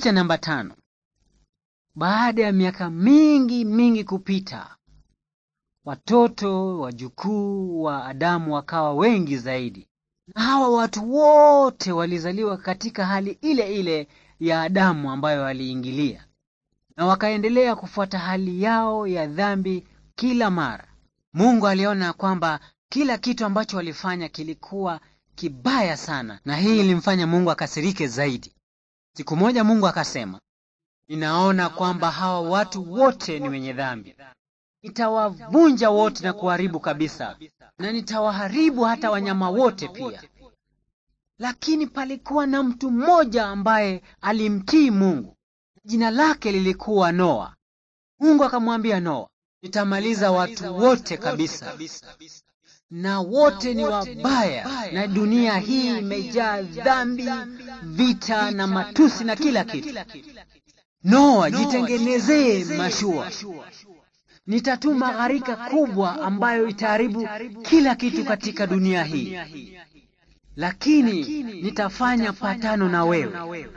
Picha namba tano. Baada ya miaka mingi mingi kupita, watoto wajukuu wa Adamu wakawa wengi zaidi. Na hawa watu wote walizaliwa katika hali ile ile ya Adamu ambayo aliingilia, na wakaendelea kufuata hali yao ya dhambi kila mara. Mungu aliona kwamba kila kitu ambacho walifanya kilikuwa kibaya sana, na hii ilimfanya Mungu akasirike zaidi. Siku moja Mungu akasema, ninaona kwamba hawa watu wote ni wenye dhambi. Nitawavunja wote na kuharibu kabisa, na nitawaharibu hata wanyama wote pia. Lakini palikuwa na mtu mmoja ambaye alimtii Mungu. Jina lake lilikuwa Noa. Mungu akamwambia Noa, nitamaliza watu wote kabisa, na wote ni wabaya, na dunia hii imejaa dhambi vita na matusi na kila kitu. Noa, jitengenezee mashua, nitatuma gharika kubwa ambayo itaharibu kila kitu katika dunia hii, lakini nitafanya patano na wewe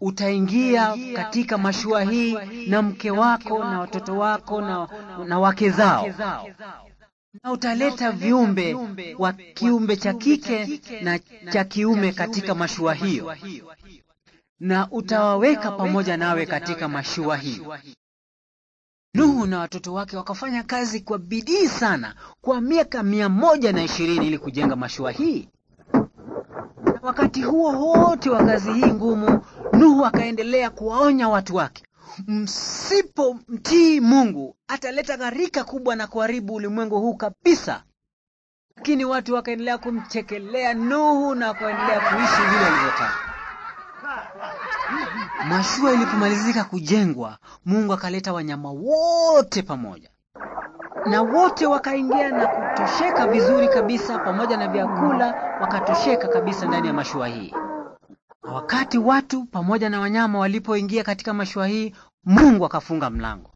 utaingia katika mashua hii na mke wako na watoto wako na, na wake zao na utaleta viumbe wa kiumbe cha kike na cha kiume katika mashua hiyo, na utawaweka pamoja nawe katika mashua hiyo. Nuhu na watoto wake wakafanya kazi kwa bidii sana kwa miaka mia moja na ishirini ili kujenga mashua hii. Na wakati huo wote wa kazi hii ngumu, Nuhu akaendelea kuwaonya watu wake msipomtii Mungu ataleta gharika kubwa na kuharibu ulimwengu huu kabisa. Lakini watu wakaendelea kumchekelea Nuhu na kuendelea kuishi vile walivyotaka. Mashua ilipomalizika kujengwa, Mungu akaleta wanyama wote pamoja, na wote wakaingia na kutosheka vizuri kabisa, pamoja na vyakula, wakatosheka kabisa ndani ya mashua hii. Wakati watu pamoja na wanyama walipoingia katika mashua hii, Mungu akafunga mlango.